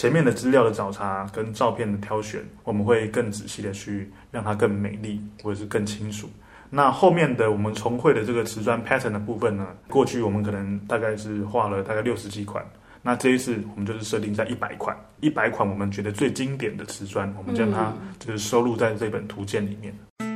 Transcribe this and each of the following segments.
前面的資料的找查跟照片的挑選，我們會更仔細的去讓它更美麗或者是更清楚。那後面的我們重繪的這個瓷磚 pattern 的部分呢？過去我們可能大概是畫了大概六十幾款，那這一次我們就是設定在一百款，一百款我們覺得最經典的瓷磚，我們將它就是收錄在這本圖鑑裡面。嗯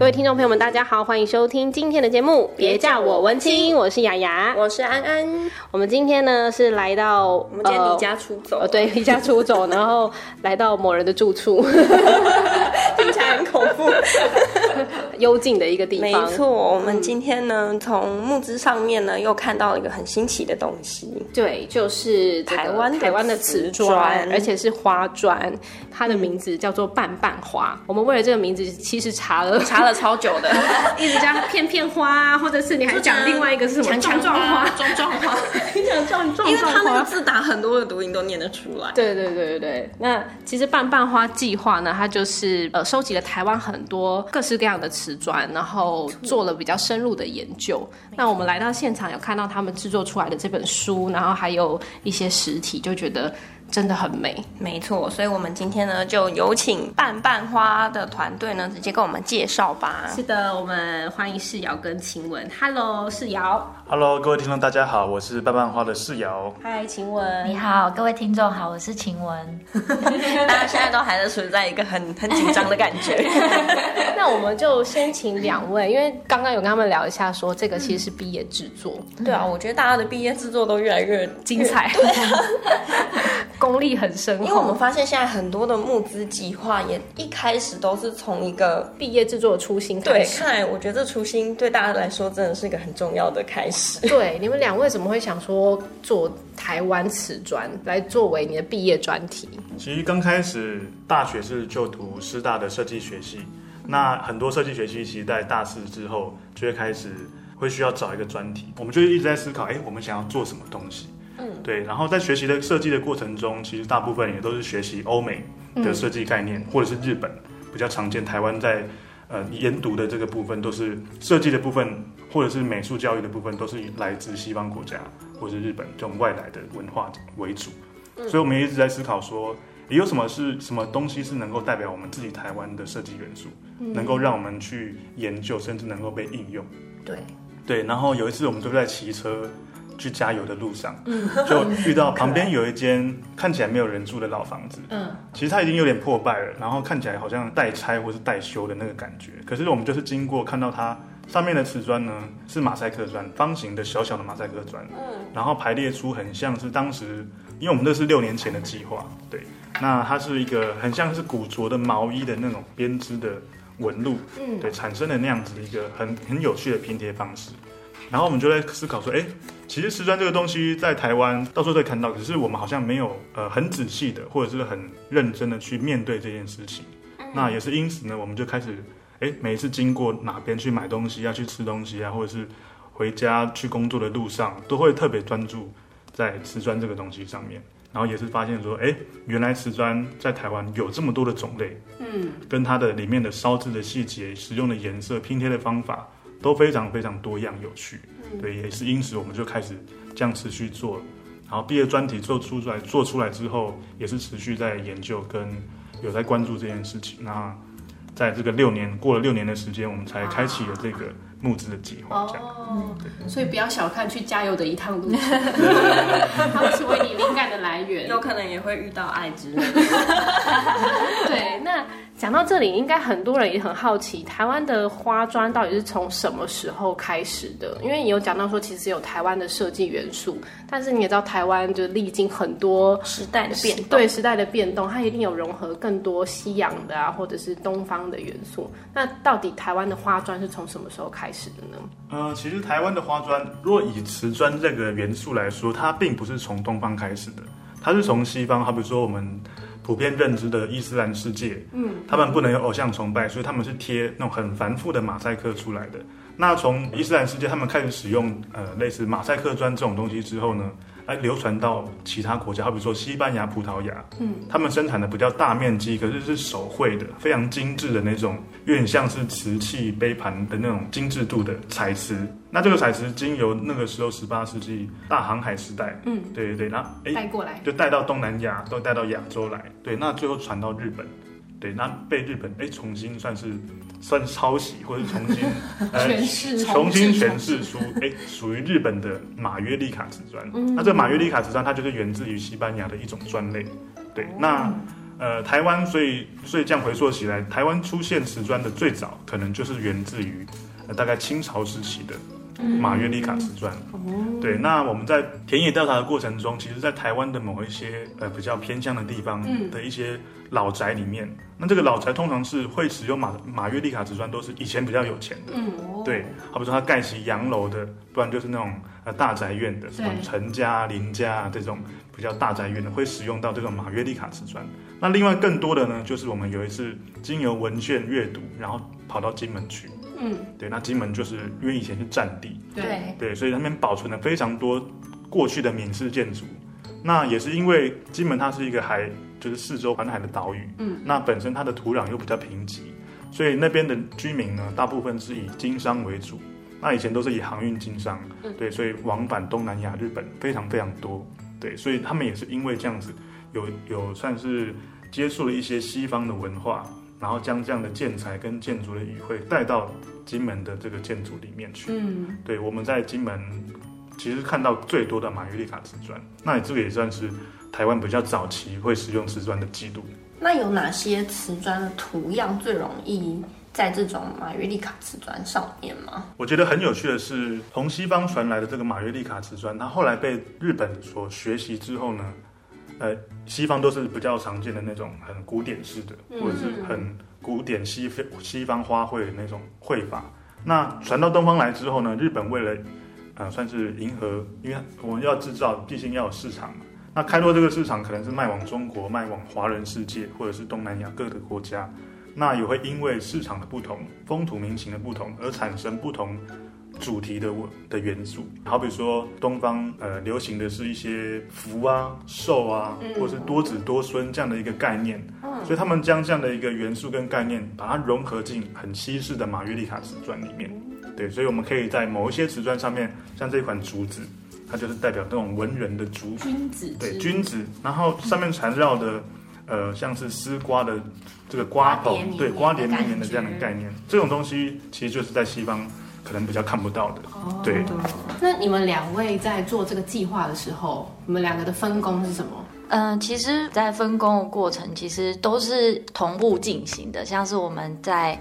各位聽眾朋友們，大家好，歡迎收聽今天的節目。別叫我文青，別叫我文青，我是雅雅，我是安安。我們今天呢是來到我們今天離家出走，呃、對，離家出走， 然後來到某人的住處， 聽起來很恐怖。 幽靜的一個地方，沒錯。我們今天呢，從募資上面呢，又看到了一個很新奇的東西，對，就是台、這、灣、個、台灣的瓷磚，磚而且是花磚，它的名字叫做爿爿花。嗯、我們為了這個名字，其實查了查了超久的， 一直叫片片花，或者是你還講另外一個是什麼？狀狀花，狀狀花，狀狀花，因為它那個字打很多的讀音都念得出來。對，對對對對對。那其實爿爿花計劃呢，它就是呃收集了台灣很多各式各樣的瓷。然後做了比較深入的研究。那我們來到現場，有看到他們製作出來的這本書，然後還有一些實體，就覺得。真的很美，沒錯。所以，我們今天呢，就有請爿爿花的團隊呢，直接跟我們介紹吧。是的，我們歡迎世瑤跟晴雯。Hello，世瑤。Hello，各位聽眾，大家好，我是爿爿花的世瑤。嗨，晴雯，你好，各位聽眾好，我是晴雯。 大家現在都還是存在一個很很緊張的感覺。 那我們就先請兩位，因為剛剛有跟他們聊一下說，說這個其實是畢業製作。嗯、對啊，嗯、我覺得大家的畢業製作都越來越精彩。 功力很深，因為我們發現現在很多的募資計劃也一開始都是從一個畢業制作的初心開始。對，看來我覺得這初心對大家來說真的是一個很重要的開始。 對，你們兩位為什麼會想說做台灣瓷磚來作為你的畢業專題？其實剛開始大學是就讀師大的設計學系，那很多設計學系其實在大四之後就會開始會需要找一個專題，我們就一直在思考，哎，我們想要做什麼東西。對，然後在學習的設計的過程中，其實大部分也都是學習歐美的設計概念，嗯、或者是日本比較常見。台灣在呃研讀的這個部分，都是設計的部分，或者是美術教育的部分，都是來自西方國家或者是日本這種外來的文化為主。嗯、所以，我們一直在思考說，也有什麼是什麼東西是能夠代表我們自己台灣的設計元素，嗯、能夠讓我們去研究，甚至能夠被應用。對對，然後有一次我們都在騎車。去加油的路上，嗯，就遇到旁邊有一間看起來沒有人住的老房子，嗯，其實它已經有點破敗了，然後看起來好像待拆或是待修的那個感覺。可是我們就是經過看到它上面的瓷磚呢，是馬賽克磚，方形的小小的馬賽克磚，嗯，然後排列出很像是當時，因為我們那是六年前的計劃，對，那它是一個很像是古着的毛衣的那種編織的紋路，嗯，對，產生的那樣子一個很很有趣的拼貼方式，然後我們就在思考說，哎、欸。其實瓷磚這個東西在台灣到處都可以看到，可是我們好像沒有呃很仔細的或者是很認真的去面對這件事情。那也是因此呢，我們就開始哎，每一次經過哪邊去買東西啊，去吃東西啊，或者是回家去工作的路上，都會特別專注在瓷磚這個東西上面。然後也是發現說，哎，原來瓷磚在台灣有這麼多的種類，嗯，跟它的裡面的燒製的細節、使用的顏色、拼貼的方法。都非常非常多樣有趣，對，也是因此我們就開始這樣持續做，然後畢業專題做出來，做出來之後，也是持續在研究跟有在關注這件事情。那在這個六年，過了六年的時間，我們才開啟了這個募資的計劃。啊、這樣哦，對所以不要小看去加油的一趟路，他們成為你靈感的來源，有可能也會遇到愛之人。 講到這裡，應該很多人也很好奇，台灣的花磚到底是從什麼時候開始的？因為你有講到說，其實有台灣的設計元素，但是你也知道，台灣就歷經很多時代的變動，時動。對，時代的變動，它一定有融合更多西洋的啊，或者是東方的元素。那到底台灣的花磚是從什麼時候開始的呢？呃，其實台灣的花磚，如果以瓷磚這個元素來說，它並不是從東方開始的，它是從西方，好比如說我們。普遍認知的伊斯蘭世界，嗯，他們不能有偶像崇拜，所以他們是貼那種很繁複的馬賽克出來的。那從伊斯蘭世界，他們開始使用呃，類似馬賽克磚這種東西之後呢，還流傳到其他國家，好比說西班牙、葡萄牙，嗯，他們生產的比較大面積，可是是手繪的，非常精緻的那種，有點像是瓷器杯盤的那種精緻度的彩瓷。嗯，那這個彩瓷經由那個時候十八世紀大航海時代，嗯，對對對，然後哎，帶過來，就帶到東南亞，都帶到亞洲來，對，那最後傳到日本。對，那被日本哎，重新算是算是抄襲，或是重新 全上呃，重新詮釋出哎屬於日本的馬約利卡瓷磚。那、 啊、這個、馬約利卡瓷磚它就是源自於西班牙的一種磚類。對，那呃台灣所以所以這樣回溯起來，台灣出現瓷磚的最早可能就是源自於、呃、大概清朝時期的。馬約利卡瓷磚，嗯哦、對。那我們在田野調查的過程中，其實，在台灣的某一些呃比較偏鄉的地方的一些老宅裡面，嗯、那這個老宅通常是會使用馬馬約利卡瓷磚，都是以前比較有錢的。嗯哦、對，好比說它蓋起洋樓的，不然就是那種呃大宅院的，對什麼陳家、林家這種比較大宅院的，會使用到這種馬約利卡瓷磚。那另外更多的呢，就是我們有一次經由文獻閱讀，然後跑到金門去。嗯，對，那金門就是因為以前是戰地，對，對，所以他們保存了非常多過去的閩式建築。那也是因為金門它是一個海，就是四周環海的島嶼。嗯，那本身它的土壤又比較貧瘠，所以那邊的居民呢，大部分是以經商為主。那以前都是以航運經商，嗯、對，所以往返東南亞、日本非常非常多。對，所以他們也是因為這樣子。有有算是接觸了一些西方的文化，然後將這樣的建材跟建築的語彙帶到金門的這個建築裡面去。嗯，對，我們在金門其實看到最多的馬約利卡瓷磚，那也這個也算是台灣比較早期會使用瓷磚的紀錄。那有哪些瓷磚的圖樣最容易在這種馬約利卡瓷磚上面嗎？我覺得很有趣的是，從西方傳來的這個馬約利卡瓷磚，它後來被日本所學習之後呢？呃，西方都是比較常見的那種很古典式的，或者是很古典西非西方花卉的那種繪法。那傳到東方來之後呢，日本為了、呃、算是迎合，因為我們要制造，畢竟要有市場嘛。那開拓這個市場，可能是賣往中國，賣往華人世界，或者是東南亞各個國家。那也會因為市場的不同，風土民情的不同，而產生不同。主題的的元素，好比說東方呃流行的是一些福啊、壽啊，嗯、或是多子多孫、嗯、這樣的一個概念，嗯、所以他們將這樣的一個元素跟概念，把它融合進很西式的馬約利卡瓷磚裡面。嗯、對，所以我們可以在某一些瓷磚上面，像這一款竹子，它就是代表這種文人的竹子、君子，對，君子，然後上面纏繞的呃像是絲瓜的這個瓜斗，對，瓜瓞綿綿的這樣的概念，這種東西其實就是在西方。可能比較看不到的，oh, 對。那你們兩位在做這個計劃的時候，你們兩個的分工是什麼？嗯、呃，其實，在分工的過程，其實都是同步進行的。像是我們在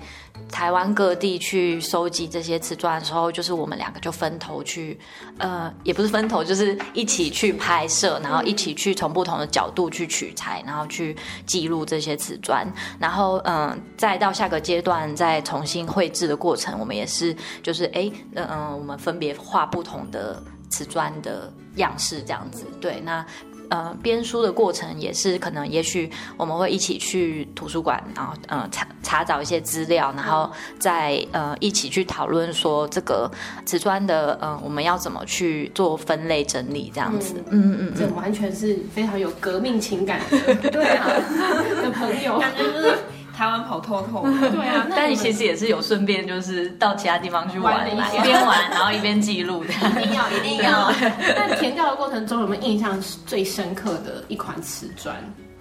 台灣各地去收集這些瓷磚的時候，就是我們兩個就分頭去，呃，也不是分頭，就是一起去拍攝，然後一起去從不同的角度去取材，然後去記錄這些瓷磚。然後，嗯、呃，再到下個階段再重新繪制的過程，我們也是，就是，哎，嗯、呃呃，我們分別畫不同的瓷磚的樣式，這樣子。對，那。呃，編書的過程也是可能，也許我們會一起去圖書館，然後嗯、呃、查查找，一些資料，然後再呃一起去討論說，這個磁磚的嗯、呃、我們要怎麼去做分類整理這樣子。嗯嗯嗯，嗯嗯，這完全是非常有革命情感的，對啊的朋友， 台灣跑透透的、嗯，對啊，但你其實也是有順便就是到其他地方去玩，玩一邊玩然後一邊記錄的 樣，一定要一定要。但填掉的過程中，有沒有印象最深刻的一款磁磚？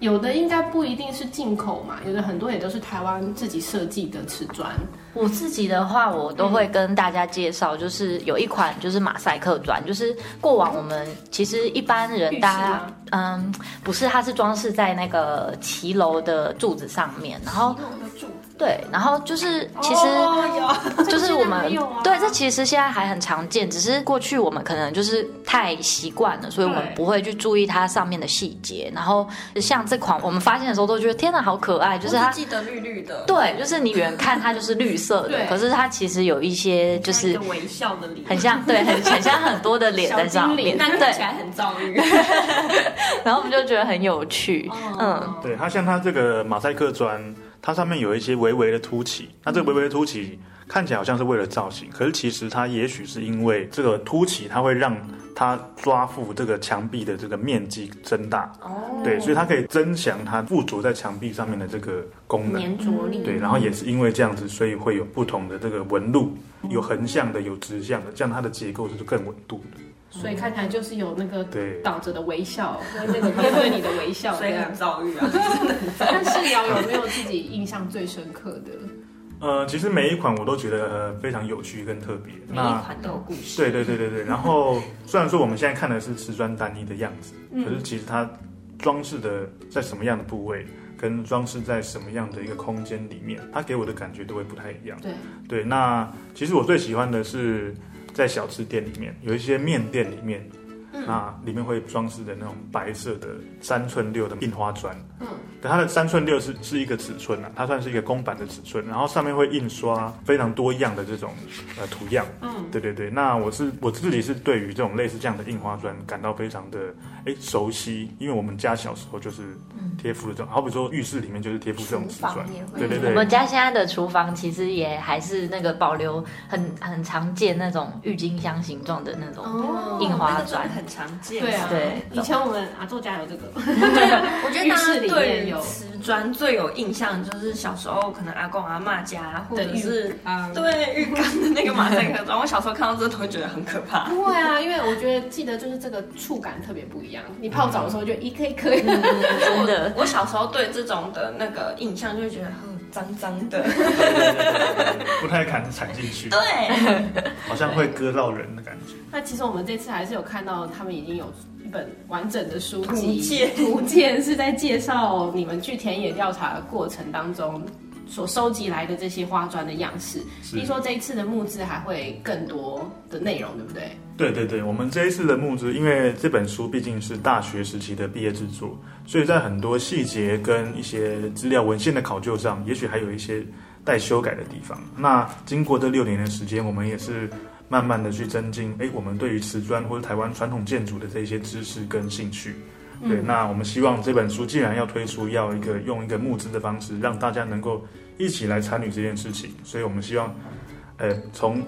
有的應該不一定是進口嘛，有的很多也都是台灣自己設計的瓷磚。我自己的話，我都會跟大家介紹，嗯、就是有一款就是馬賽克磚，就是過往我們、嗯、其實一般人，大家、啊，嗯，不是，它是裝飾在那個騎樓的柱子上面，然後。對，然後就是其實、哦、就是我們這、啊、對這其實現在還很常見，只是過去我們可能就是太習慣了，所以我們不會去注意它上面的細節。對然後像這款，我們發現的時候都覺得天哪，好可愛，就是它是記得綠綠的，對，就是你遠看它就是綠色的， 對可是它其實有一些就是微笑的臉，很像對，很很像很多的臉在上面，看 靈對起來很躁鬱 然後我們就覺得很有趣，嗯，對，它像它這個馬賽克磚。它上面有一些微微的凸起，那這個微微的凸起、嗯、看起來好像是為了造型，可是其實它也許是因為這個凸起，它會讓它抓附這個牆壁的這個面積增大，哦。對，所以它可以增強它附着在牆壁上面的這個功能，黏着力，對，然後也是因為這樣子，所以會有不同的這個紋路，有橫向的，有直向的，這樣它的結構是更穩固的。所以看起來就是有那個倒着的微笑，跟對那個面對你的微笑這樣躁鬱啊。就是、 但是啊，有沒有自己印象最深刻的？呃、嗯，其實每一款我都覺得非常有趣跟特別，每一款都有故事。對對對對對。然後雖然說我們現在看的是瓷磚單一的樣子，嗯、可是其實它裝飾的在什麼樣的部位，跟裝飾在什麼樣的一個空間裡面，它給我的感覺都會不太一樣。對對。那其實我最喜歡的是。在小吃店裡面，有一些麵店裡面。嗯、那裡面會裝飾的那種白色的三寸六的印花磚，嗯，但它的三寸六是是一個尺寸吶、啊，它算是一個公版的尺寸，然後上面會印刷非常多樣的這種呃圖樣，嗯，對對對，那我是我自己是對於這種類似這樣的印花磚感到非常的哎、欸、熟悉，因為我們家小時候就是貼附的這種，嗯、好比說浴室裡面就是貼附這種瓷磚，對，對對，我們家現在的廚房其實也還是那個保留很很常見那種鬱金香形狀的那種印花磚。哦很常見，對啊。對，以前我們阿祖家有這個，對，對，對。 我覺得大家對瓷磚最有印象就是小時候可能阿公阿嬤家或者是啊，對，浴缸，對浴缸的那個馬賽克磚， 我小時候看到這個都會覺得很可怕。不會啊，因為我覺得記得就是這個觸感特別不一樣，你泡澡的時候就一顆一顆。 真的， 我小時候對這種的那個印象就會覺得很。髒髒的 對對對對，不太敢踩進去，對，好像會割到人的感覺。那其實我們這次還是有看到，他們已經有一本完整的書籍，圖鑑建是在介紹你們去田野調查的過程當中所收集來的這些花磚的樣式。是聽說這一次的募資還會更多的內容，對不對？對對對，我們這一次的募資，因為這本書畢竟是大學時期的畢業製作，所以在很多細節跟一些資料文獻的考究上，也許還有一些待修改的地方。那經過這六年的時間，我們也是慢慢的去增進，哎，我們對於磁磚或者台灣傳統建築的這些知識跟興趣。嗯、對，那我們希望這本書既然要推出，要一個用一個募資的方式，讓大家能夠一起來參與這件事情，所以我們希望，呃，從。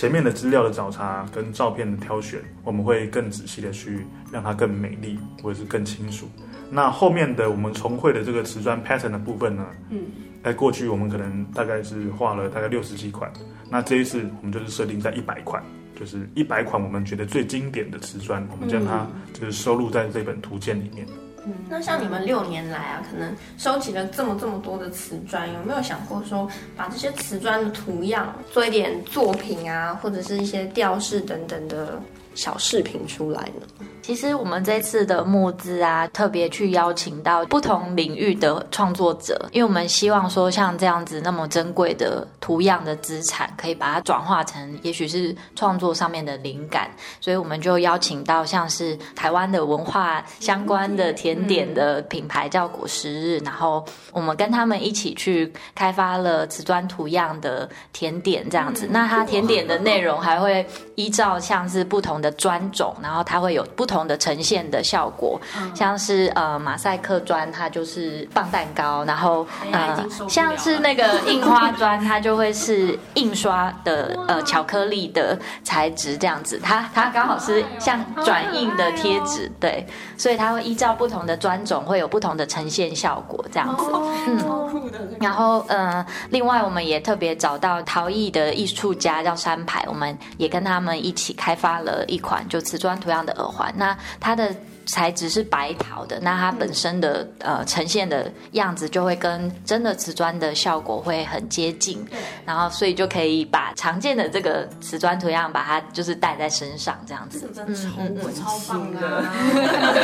前面的資料的查找跟照片的挑選，我們會更仔細的去讓它更美麗或者是更清楚。那後面的我們重繪的這個瓷磚 pattern 的部分呢，嗯，在過去我們可能大概是畫了大概六十幾款，那這一次我們就是設定在一百款，就是一百款我們覺得最經典的瓷磚，我們將它就是收錄在這本圖鑑裡面。嗯那像你們六年來啊，可能收集了這麼這麼多的瓷磚，有沒有想過說把這些瓷磚的圖樣做一點作品啊，或者是一些吊飾等等的小飾品出來呢？其實我們這次的募資啊，特別去邀請到不同領域的創作者，因為我們希望說，像這樣子那麼珍貴的圖樣的資產，可以把它轉化成，也許是創作上面的靈感。所以我們就邀請到像是台灣的文化相關的甜點的品牌，叫果實日，嗯、然後我們跟他們一起去開發了瓷磚圖樣的甜點這樣子。嗯、那它甜點的內容還會依照像是不同的磚種，然後它會有不。不同的呈現的效果，像是呃馬賽克磚，它就是磅蛋糕，然後呃像是那個印花磚，它就會是印刷的呃巧克力的材質這樣子，它它剛好是像轉印的貼紙，對，所以它會依照不同的磚種會有不同的呈現效果這樣子，嗯，然後嗯、呃，另外我們也特別找到陶藝的藝術家叫山牌，我們也跟他們一起開發了一款就瓷磚圖樣的耳環。那它的材質是白陶的，那它本身的呃呈現的樣子就會跟真的瓷磚的效果會很接近，然後所以就可以把常見的這個瓷磚圖樣把它就是帶在身上這樣子。嗯真，嗯，真的超穩超棒的啊！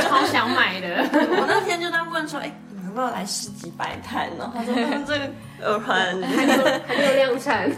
超想買的， 我那天就在問說，哎、欸。不要有來十幾百套呢？啊。然後說，這個還沒有，還沒有量產。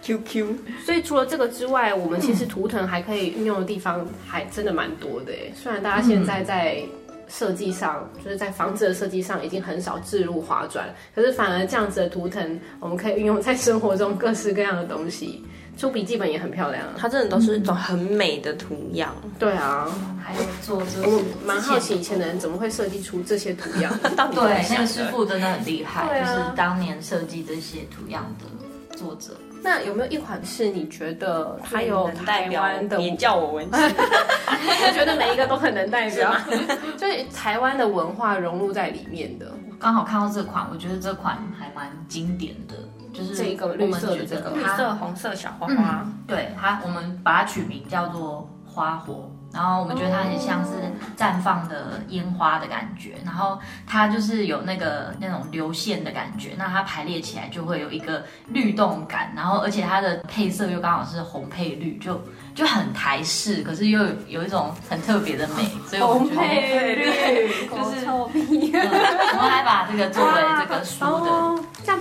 QQ。 所以除了這個之外，我們其實圖騰還可以運用的地方還真的蠻多的。雖然大家現在在設計上，就是在房子的設計上已經很少置入花磚，可是反而這樣子的圖騰，我們可以運用在生活中各式各樣的東西。出筆記本也很漂亮，啊，它真的都是一種很美的圖樣。嗯、對啊，嗯、還有做、欸、這我蠻好奇以前的人怎麼會設計出這些圖樣？欸、對，現在師傅真的很厲害，啊、就是當年設計這些圖樣的作者。那有沒有一款是你覺得很有台灣的？別叫我文青，我覺得每一個都很能代表，是就是台灣的文化融入在裡面的。剛好看到這款，我覺得這款還蠻經典的。就是這個綠色的這個，綠色紅色小花花，對它，我們把它取名叫做花火，然後我們覺得它很像是綻放的煙花的感覺。然後它就是有那個那種流線的感覺，那它排列起來就會有一個律動感。然後而且它的配色又剛好是紅配綠，就就很台式，可是又有一種很特別的美。所以紅配綠，就是我們還把這個作為這個。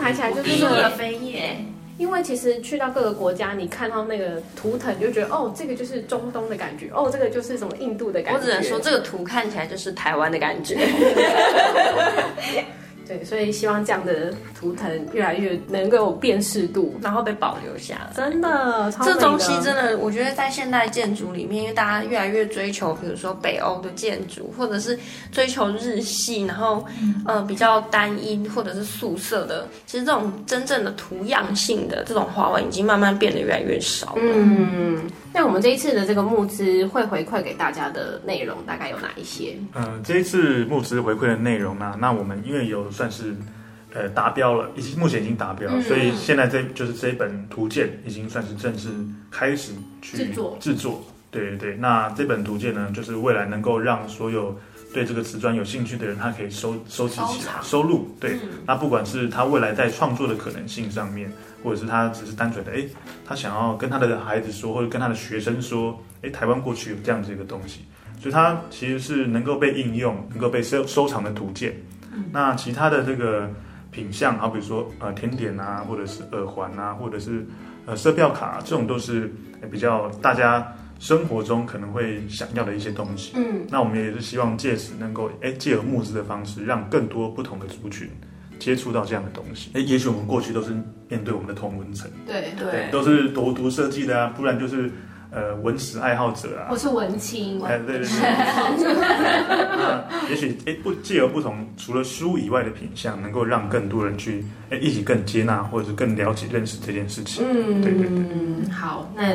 看起來就是那個飛耶，因為其實去到各個國家，你看到那個圖騰，就覺得哦，這個就是中東的感覺，哦，這個就是什麼印度的感覺。我只能說，這個圖看起來就是台灣的感覺。 對，所以希望這樣的圖騰越來越能夠有辨識度，然後被保留下來。真的，超美的。這東西真的，我覺得在現代建築裡面，因為大家越來越追求，比如說北歐的建築，或者是追求日系，然後呃比較單一或者是素色的，其實這種真正的圖樣性的這種花紋，已經慢慢變得越來越少了。嗯。那我們這一次的這個募資會回饋給大家的內容，大概有哪一些？嗯、呃，這一次募資回饋的內容呢、啊，那我們因為有算是呃達標了，已經目前已經達標了，嗯、所以現在這就是這一本圖鑑已經算是正式開始去制作，制作。對對對，那這本圖鑑呢，就是未來能夠讓所有對這個瓷磚有興趣的人，他可以收收集、收藏、差收入對，嗯、那不管是他未來在創作的可能性上面。或者是他只是單純的哎，他想要跟他的孩子說，或者跟他的學生說，哎，台灣過去有這樣子一個東西，所以它其實是能夠被應用、能夠被收收藏的圖鑑。嗯、那其他的這個品項，好比如說呃甜點啊，或者是耳環啊，或者是呃色票卡這種，都是、呃、比較大家生活中可能會想要的一些東西。嗯，那我們也是希望借此能夠哎，藉由募資的方式，讓更多不同的族群。接觸到這樣的東西，欸、也許我們過去都是面對我們的同溫層，對對，都是讀讀設計的啊，不然就是、呃、文史愛好者啊，我是文青，哎、啊，對對對， 嗯、也許哎、欸、不借由不同除了書以外的品項，能夠讓更多人去、欸、一起更接納或者是更了解認識這件事情，嗯，對，對對，好，那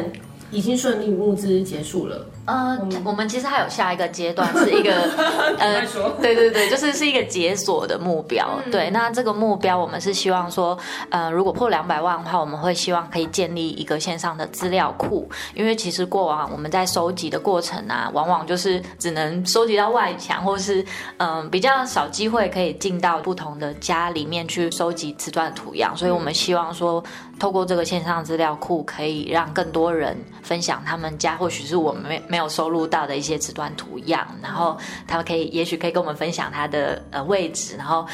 已經順利募資結束了。呃，嗯、我們其實還有下一個階段，是一個 別說 呃，對對對，就是是一個解鎖的目標。嗯、對，那這個目標我們是希望說，呃，如果破兩百萬的話，我們會希望可以建立一個線上的資料庫，因為其實過往我們在收集的過程啊，往往就是只能收集到外牆，或是嗯、呃、比較少機會可以進到不同的家裡面去收集瓷磚圖樣，所以我們希望說，透過這個線上資料庫，可以讓更多人分享他們家，或許是我們沒沒。有收錄到的一些磁磚圖樣，然後他們可以，也許可以跟我們分享他的呃位置，然後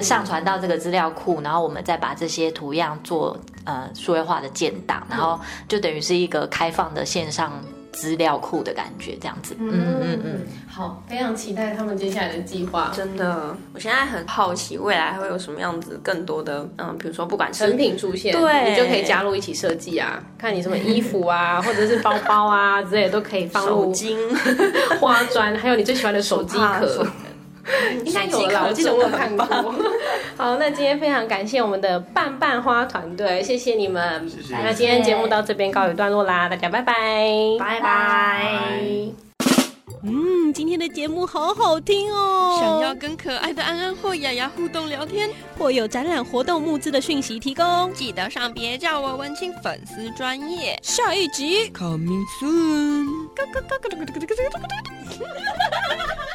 上傳到這個資料庫，然後我們再把這些圖樣做呃數位化的建檔，然後就等於是一個開放的線上。資料庫的感覺，這樣子，嗯嗯嗯，好，非常期待他們接下來的計劃。真的，我現在很好奇未來還會有什麼樣子更多的，嗯，比如說不管成品出現，對你就可以加入一起設計啊，看你什麼衣服啊， 或者是包包啊之類都可以放入金花磚，還有你最喜歡的手機殼。應該有了， 我記得我有看過。 好，那今天非常感謝我們的爿爿花團隊，謝謝你們謝謝、啊。那今天節目到這邊告一段落啦，大家拜拜，拜拜。拜拜。嗯，今天的節目好好聽哦。想要跟可愛的安安或雅雅互動聊天，或有展覽活動募資的訊息提供，記得上別叫我文青粉絲專頁。下一集 coming soon。